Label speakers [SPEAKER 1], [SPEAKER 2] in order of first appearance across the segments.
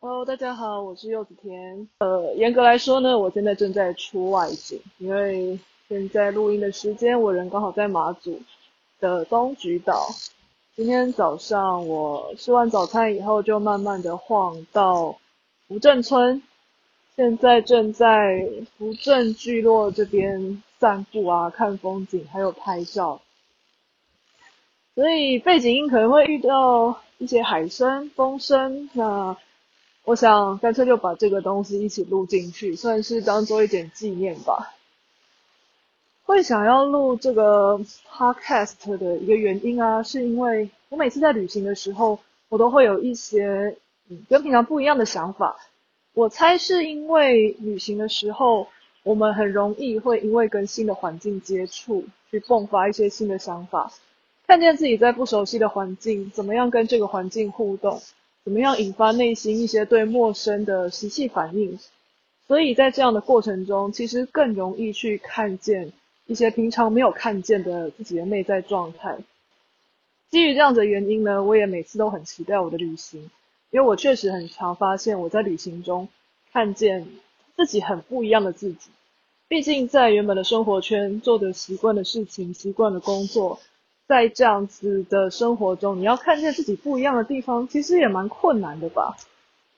[SPEAKER 1] Hello，大家好，我是柚子甜。呃，嚴格來說呢，我現在正在出外景，因為現在錄音的時間，我人剛好在馬祖的東莒島。今天早上我吃完早餐以後，就慢慢的晃到福正村，現在正在福正聚落這邊散步啊，看風景，還有拍照。所以背景音可能會遇到一些海聲、風聲，那，我想乾脆就把這個東西一起錄進去，算是當做一點紀念吧。會想要錄這個 podcast 的一個原因啊，是因為我每次在旅行的時候，我都會有一些跟平常不一樣的想法。我猜是因為旅行的時候，我們很容易會因為跟新的環境接觸，去迸發一些新的想法。看見自己在不熟悉的環境，怎麼樣跟這個環境互動。怎麼樣引發內心一些對陌生的習氣反應？所以在這樣的過程中，其實更容易去看見一些平常沒有看見的自己的內在狀態。基於這樣的原因呢，我也每次都很期待我的旅行，因為我確實很常發現我在旅行中看見自己很不一樣的自己。畢竟在原本的生活圈做著習慣的事情、習慣的工作。在這樣子的生活中，你要看見自己不一樣的地方，其實也蠻困難的吧。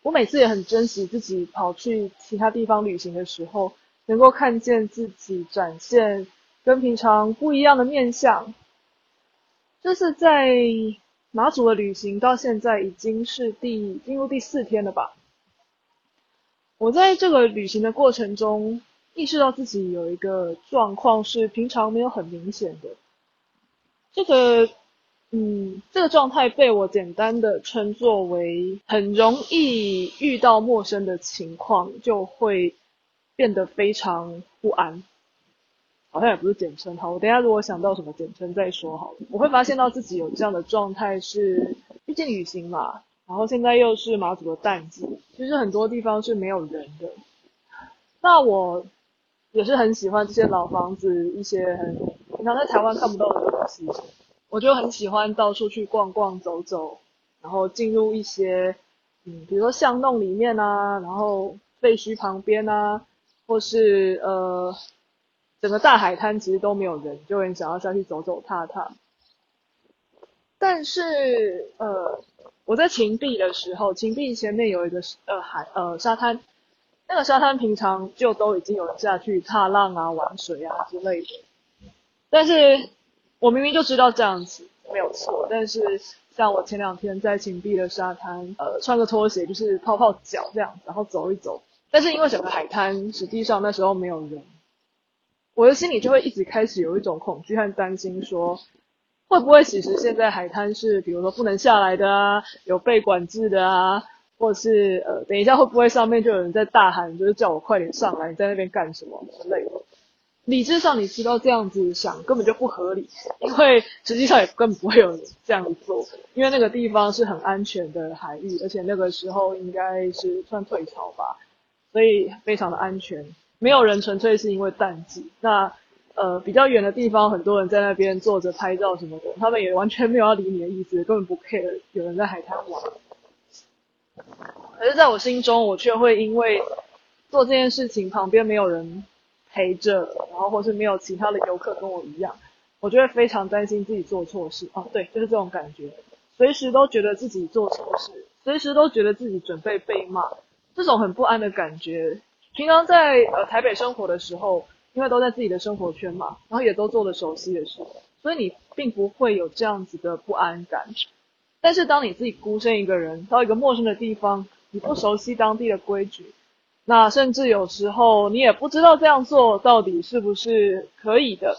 [SPEAKER 1] 我每次也很珍惜自己跑去其他地方旅行的時候，能夠看見自己展現跟平常不一樣的面相。這是在馬祖的旅行到現在已經是第，進入第四天了吧。我在這個旅行的過程中，意識到自己有一個狀況是平常沒有很明顯的。這個，嗯，這個狀態被我簡單的稱作為很容易遇到陌生的情況就會變得非常不安，好像也不是簡稱。好，我等一下如果想到什麼簡稱再說好了。我會發現到自己有這樣的狀態是，畢竟旅行嘛，然後現在又是馬祖的淡季，其實很多地方是沒有人的。那我也是很喜歡這些老房子一些很平常在台灣看不到的東西，我就很喜歡到處去逛逛走走，然後進入一些，嗯，比如說巷弄裡面啊，然後廢墟旁邊啊，或是呃，整個大海灘其實都沒有人，就很想要下去走走踏踏。但是呃，我在芹壁的時候，芹壁前面有一個呃海呃沙灘，那個沙灘平常就都已經有人下去踏浪啊、玩水啊之類的。但是我明明就知道這樣子沒有錯，但是像我前兩天在芹壁的沙灘，呃，穿個拖鞋就是泡泡腳這樣，然後走一走。但是因為整個海灘實際上那時候沒有人，我的心裡就會一直開始有一種恐懼和擔心說，說會不會其實現在海灘是比如說不能下來的啊，有被管制的啊，或是呃等一下會不會上面就有人在大喊，就是叫我快點上來，你在那邊幹什麼之類的。理智上，你知道這樣子想根本就不合理，因為實際上也根本不會有人這樣子做，因為那個地方是很安全的海域，而且那個時候應該是算退潮吧，所以非常的安全，沒有人純粹是因為淡季。那呃比較遠的地方，很多人在那邊坐着拍照什麼的，他們也完全沒有要理你的意思，根本不 care 有人在海灘玩。可是在我心中，我卻會因為做這件事情旁邊沒有人，陪着，然後或是沒有其他的遊客跟我一樣，我就會非常擔心自己做錯事。哦，對，就是這種感覺，隨時都覺得自己做錯事，隨時都覺得自己準備被罵，這種很不安的感覺。平常在呃台北生活的時候，因為都在自己的生活圈嘛，然後也都做了熟悉的事，所以你並不會有這樣子的不安感。但是當你自己孤身一個人到一個陌生的地方，你不熟悉當地的規矩。那甚至有時候你也不知道這樣做到底是不是可以的，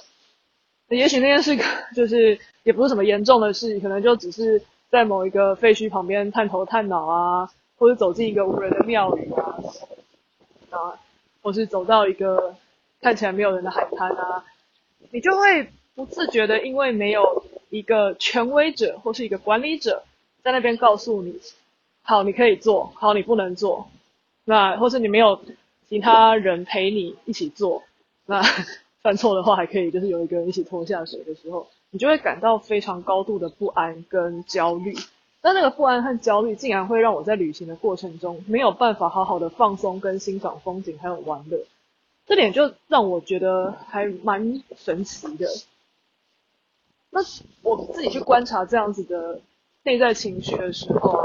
[SPEAKER 1] 也許那件事就是也不是什麼嚴重的事，可能就只是在某一個廢墟旁邊探頭探腦啊，或是走進一個無人的廟裡啊，啊，或是走到一個看起來沒有人的海灘啊，你就會不自覺的，因為沒有一個權威者或是一個管理者在那邊告訴你，好，你可以做，好，你不能做。那或是你沒有其他人陪你一起做，那犯錯的話還可以，就是有一個人一起拖下水的時候，你就會感到非常高度的不安跟焦慮。那那個不安和焦慮竟然會讓我在旅行的過程中沒有辦法好好的放鬆跟欣賞風景還有玩樂，這點就讓我覺得還蠻神奇的。那我自己去觀察這樣子的內在情緒的時候，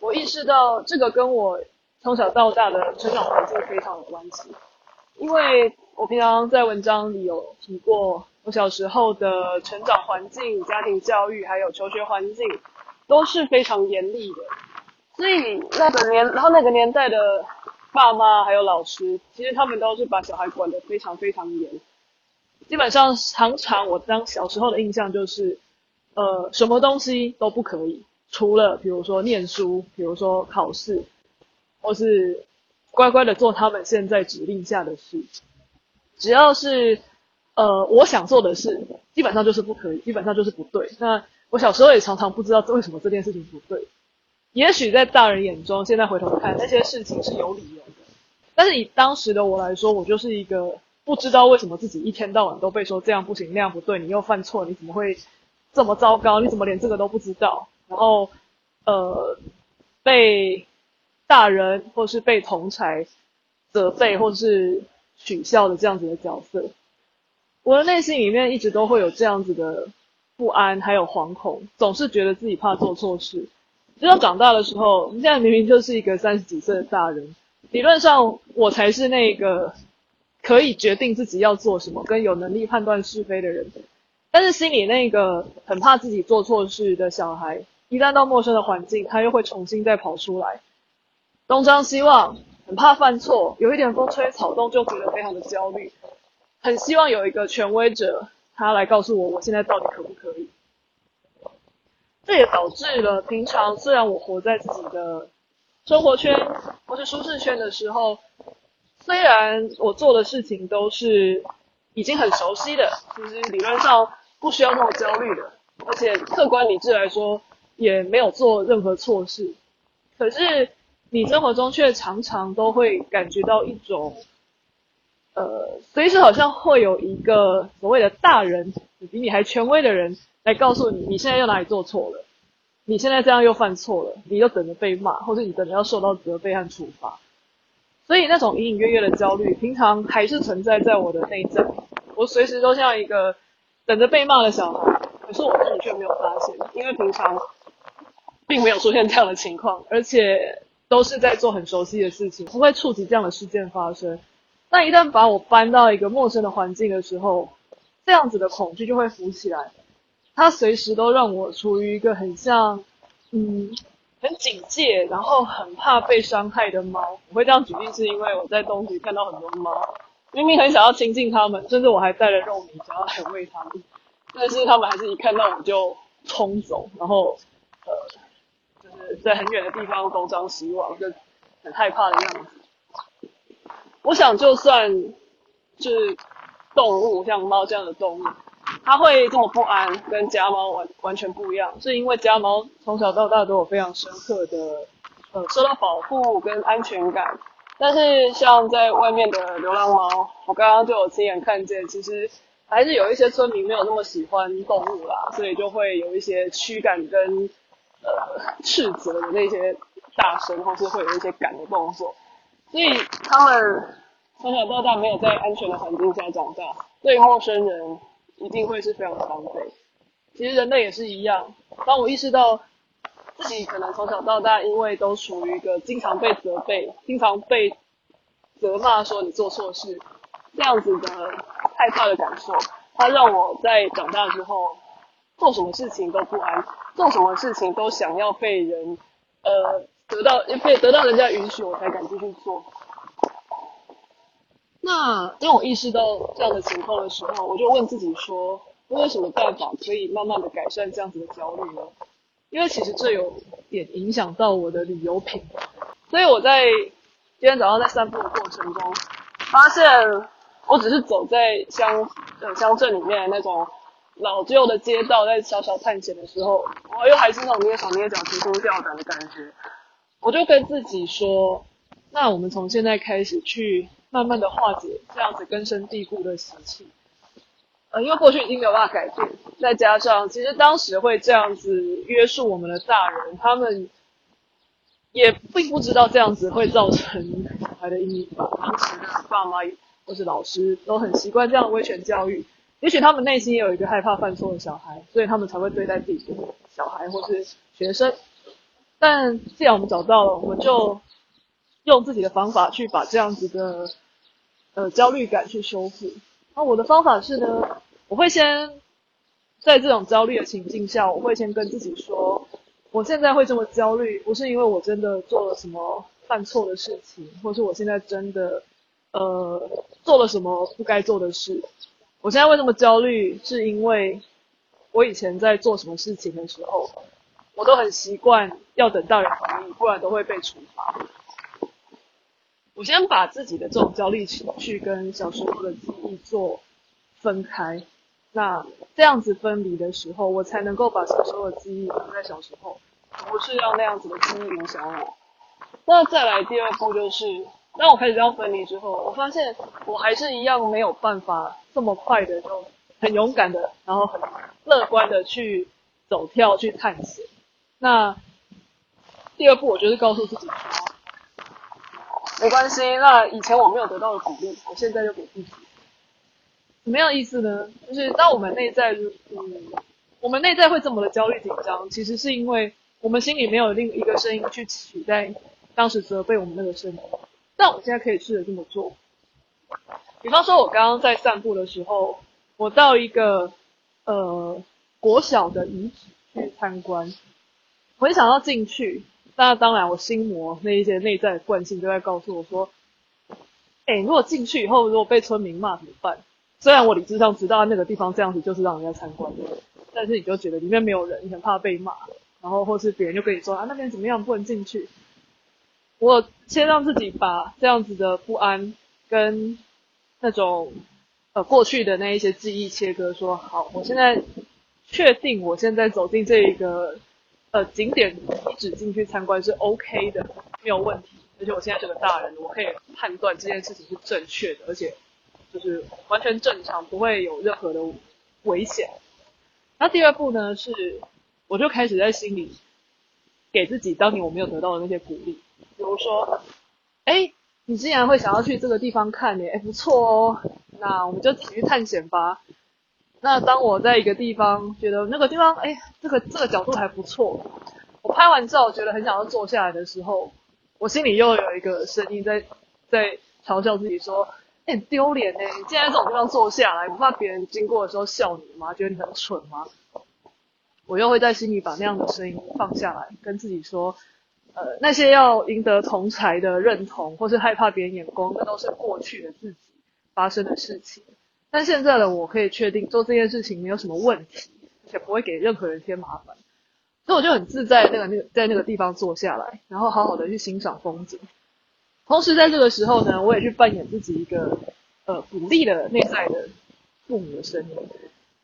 [SPEAKER 1] 我意識到這個跟我。從小到大的成長環境非常有關係，因為我平常在文章裡有提過，我小時候的成長環境、家庭教育還有求學環境都是非常嚴厲的。所以那個年，然後那個年代的爸媽還有老師，其實他們都是把小孩管得非常非常嚴。基本上，常常我當小時候的印象就是，呃，什麼東西都不可以，除了比如說念書，比如說考試。或是乖乖的做他們現在指令下的事，只要是呃，我想做的事，基本上就是不可以，基本上就是不對。那我小時候也常常不知道為什麼這件事情不對。也許在大人眼中，現在回頭看那些事情是有理由的，但是以當時的我來說，我就是一個不知道為什麼自己一天到晚都被說這樣不行，那樣不對，你又犯錯，你怎麼會這麼糟糕？你怎麼連這個都不知道？然後呃被。大人，或是被同儕責備，或是取笑的這樣子的角色，我的內心裡面一直都會有這樣子的不安，還有惶恐，總是覺得自己怕做錯事。直到長大的時候，我們現在明明就是一個三十幾歲的大人，理論上我才是那個可以決定自己要做什麼，跟有能力判斷是非的人。但是心裡那個很怕自己做錯事的小孩，一旦到陌生的環境，他又會重新再跑出來。東張西望，很怕犯錯，有一點風吹草動就覺得非常的焦慮，很希望有一個權威者他來告訴我，我現在到底可不可以。這也導致了平常雖然我活在自己的生活圈或是舒適圈的時候，雖然我做的事情都是已經很熟悉的，其實理論上不需要那麼焦慮的，而且客觀理智來說也沒有做任何錯事，可是。你生活中卻常常都會感覺到一種，呃，隨時好像會有一個所謂的大人比你還權威的人來告訴你，你現在又哪裡做錯了，你現在這樣又犯錯了，你又等着被罵，或者你等着要受到責備和處罰。所以那種隱隱約約的焦慮，平常還是存在在我的內在。我隨時都像一個等着被罵的小孩，可是我自己卻沒有發現，因為平常並沒有出現這樣的情況，而且。都是在做很熟悉的事情，不會觸及這樣的事件發生。那一旦把我搬到一個陌生的環境的時候，這樣子的恐懼就會浮起來。它隨時都讓我處於一個很像，嗯，很警戒，然後很怕被傷害的貓。我會這樣舉例，是因為我在東莒看到很多貓，明明很想要親近它們，甚至我還帶了肉泥想要來餵它們，但是它們還是一看到我就衝走，然後呃。在很遠的地方東張西望，就很害怕的樣子。我想，就算就是動物，像貓這樣的動物，它會這麼不安，跟家貓完完全不一樣，是因為家貓從小到大都有非常深刻的呃、嗯、受到保護跟安全感。但是像在外面的流浪貓，我剛剛就有親眼看見，其實還是有一些村民沒有那麼喜歡動物啦，所以就會有一些驅趕跟。呃，斥責的那些大聲，或是會有一些趕的動作，所以他們從小到大沒有在安全的環境下長大，對陌生人一定會是非常的防備。其實人類也是一樣。當我意識到自己可能從小到大，因為都屬於一個經常被責備、經常被責罵說你做錯事這樣子的害怕的感受，它讓我在長大之後做什麼事情都不安。做什麼事情都想要被人，呃，得到被得到人家允許，我才敢繼續做。那當我意識到這樣的情況的時候，我就問自己說，我有什麼辦法可以慢慢的改善這樣子的焦慮呢？因為其實這有點影響到我的旅遊品。所以我在今天早上在散步的過程中，發現我只是走在鄉呃鄉鎮裡面那種老舊的街道，在小小探險的時候。我、啊、又還是那種捏手捏腳、提心吊膽的感覺。我就跟自己說，那我們從現在開始去慢慢的化解這樣子根深蒂固的習氣。呃，因為過去已經沒有辦法改變，再加上其實當時會這樣子約束我們的大人，他們也並不知道這樣子會造成小孩的陰影吧。當時的爸媽或是老師都很習慣這樣的威權教育。也許他們內心也有一個害怕犯錯的小孩，所以他們才會對待自己的小孩或是學生。但既然我們找到了，我們就用自己的方法去把這樣子的呃焦慮感去修復。那我的方法是呢，我會先在這種焦慮的情境下，我會先跟自己說，我現在會這麼焦慮，不是因為我真的做了什麼犯錯的事情，或是我現在真的呃做了什麼不該做的事。我現在為什麼焦慮？是因為我以前在做什麼事情的時候，我都很習慣要等大人同意，不然都會被處罰。我先把自己的這種焦慮情緒跟小時候的記憶做分開，那這樣子分離的時候，我才能夠把小時候的記憶留在小時候，不是要那樣子的記憶影響我。那再來第二步就是。那我開始這樣分離之後，我發現我還是一樣沒有辦法這麼快的就很勇敢的，然後很樂觀的去走跳去探險。那第二步，我就是告訴自己，啊，沒關係。那以前我沒有得到的鼓勵，我現在就給自己。怎麼樣的意思呢？就是當我們內在就是，嗯，我們內在會這麼的焦慮緊張，其實是因為我們心裡沒有另一個聲音去取代當時責備我們那個聲音。但我現在可以試着這麼做，比方說，我剛剛在散步的時候，我到一個呃國小的遺址去參觀，我很想要進去。那當然，我心魔那一些內在的慣性就在告訴我說，哎、欸，如果進去以後，如果被村民罵怎麼辦？雖然我理智上知道那個地方這樣子就是讓人家參觀的，但是你就覺得裡面沒有人，你很怕被罵，然後或是別人就跟你說啊，那邊怎麼樣，不能進去。我先讓自己把這樣子的不安跟那種呃過去的那一些記憶切割說，說好，我現在確定我現在走進這一個呃景點，一直進去參觀是 OK 的，沒有問題。而且我現在是個大人，我可以判斷這件事情是正確的，而且就是完全正常，不會有任何的危險。那第二步呢，是我就開始在心裡給自己當年我沒有得到的那些鼓勵。比如說，哎、欸，你竟然會想要去這個地方看呢？哎、欸，不錯哦，那我們就一起去探險吧。那當我在一個地方覺得那個地方，哎、欸，這個這個角度還不錯，我拍完照覺得很想要坐下來的時候，我心裡又有一個聲音在在嘲笑自己說，哎、欸，丟臉呢，你竟然在這種地方坐下來，不怕別人經過的時候笑你嗎？覺得你很蠢嗎？我又會在心裡把那樣的聲音放下來，跟自己說。呃，那些要贏得同儕的認同，或是害怕別人眼光，那都是過去的自己發生的事情。但現在的我可以確定，做這件事情沒有什麼問題，而且不會給任何人添麻煩。所以我就很自在，那個那個在那個地方坐下來，然後好好的去欣賞風景。同時在這個時候呢，我也去扮演自己一個呃鼓勵的內在的父母的聲音。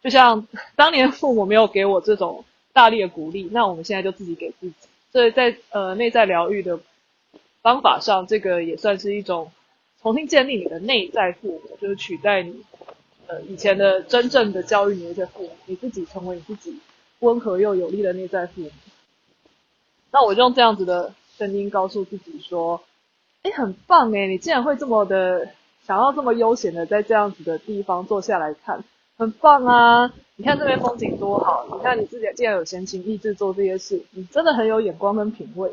[SPEAKER 1] 就像當年父母沒有給我這種大力的鼓勵，那我們現在就自己給自己。所以在呃內在療癒的方法上，這個也算是一種重新建立你的內在父母，就是取代你呃以前的真正的教育你的一些父母，你自己成為你自己溫和又有力的內在父母。那我就用這樣子的聲音告訴自己說：“哎，很棒哎，你竟然會這麼的想要這麼悠閒的在這樣子的地方坐下來看。”很棒啊！你看這邊風景多好，你看你自己竟然有閒情逸致做這些事，你真的很有眼光跟品味。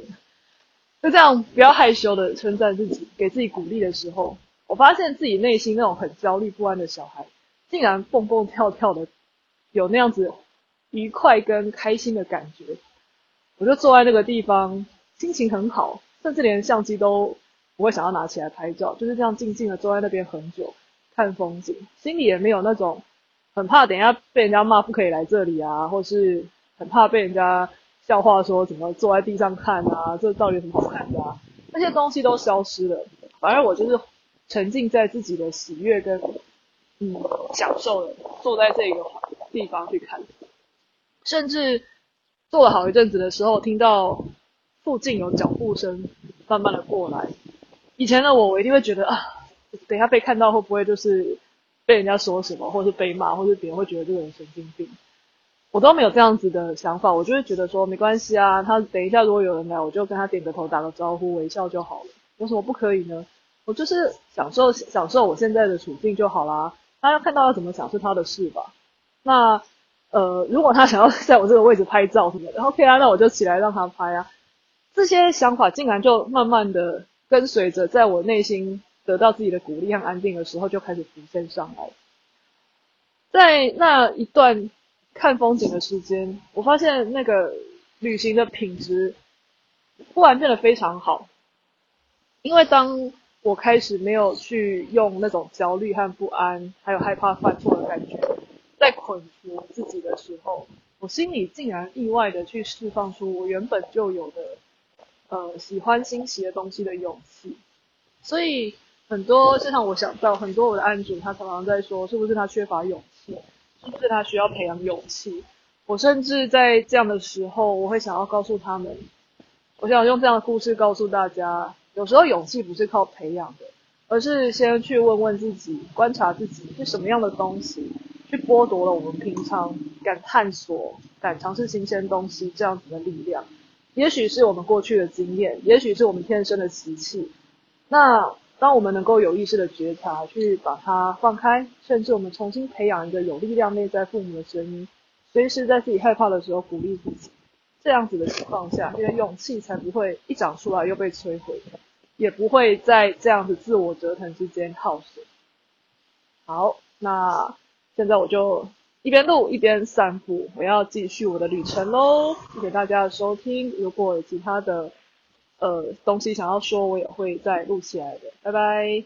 [SPEAKER 1] 就這樣，不要害羞的稱讚自己，給自己鼓勵的時候，我發現自己內心那種很焦慮不安的小孩，竟然蹦蹦跳跳的，有那樣子愉快跟開心的感覺。我就坐在那個地方，心情很好，甚至連相機都不會想要拿起來拍照，就是這樣靜靜的坐在那邊很久，看風景，心裡也沒有那種。很怕等一下被人家罵不可以來這裡啊，或是很怕被人家笑話說怎麼坐在地上看啊，這到底有什麼好看的？那些東西都消失了，反而我就是沉浸在自己的喜悅跟，嗯，享受的坐在這個地方去看，甚至坐了好一陣子的時候，聽到附近有腳步聲慢慢的過來，以前的我，我一定會覺得啊，等一下被看到會不會就是。被人家說什麼，或者是被罵，或者是別人會覺得這個人神經病，我都沒有這樣子的想法。我就是覺得說沒關係啊，他等一下如果有人來，我就跟他點個頭，打個招呼，微笑就好了，有什麼不可以呢？我就是享受享受我現在的處境就好啦。他要看到要怎麼想是他的事吧。那呃，如果他想要在我這個位置拍照什麼的，然後可以啊，那我就起來讓他拍啊。這些想法竟然就慢慢的跟隨着在我內心。得到自己的鼓勵和安定的時候，就開始浮現上來。在那一段看風景的時間，我發現那個旅行的品質忽然變得非常好。因為當我開始沒有去用那種焦慮和不安，還有害怕犯錯的感覺在捆縛自己的時候，我心裡竟然意外地去釋放出我原本就有的，呃，喜歡新奇的東西的勇氣。所以。很多，就像我想到很多我的案主，他常常在說，是不是他缺乏勇氣，是不是他需要培養勇氣？我甚至在這樣的時候，我會想要告訴他們，我想用這樣的故事告訴大家，有時候勇氣不是靠培養的，而是先去問問自己，觀察自己是什麼樣的東西，去剝奪了我們平常敢探索、敢嘗試新鮮東西這樣子的力量。也許是我們過去的經驗，也許是我們天生的習氣。那。當我們能夠有意識的覺察，去把它放開，甚至我們重新培養一個有力量內在父母的聲音，隨時在自己害怕的時候鼓勵自己，這樣子的情況下，你的勇氣才不會一長出來又被摧毀，也不會在這樣子自我折騰之間耗損。好，那現在我就一邊錄一邊散步，我要繼續我的旅程嘍。謝謝大家的收聽，如果有其他的。呃，東西想要說，我也會再錄起來的。拜拜。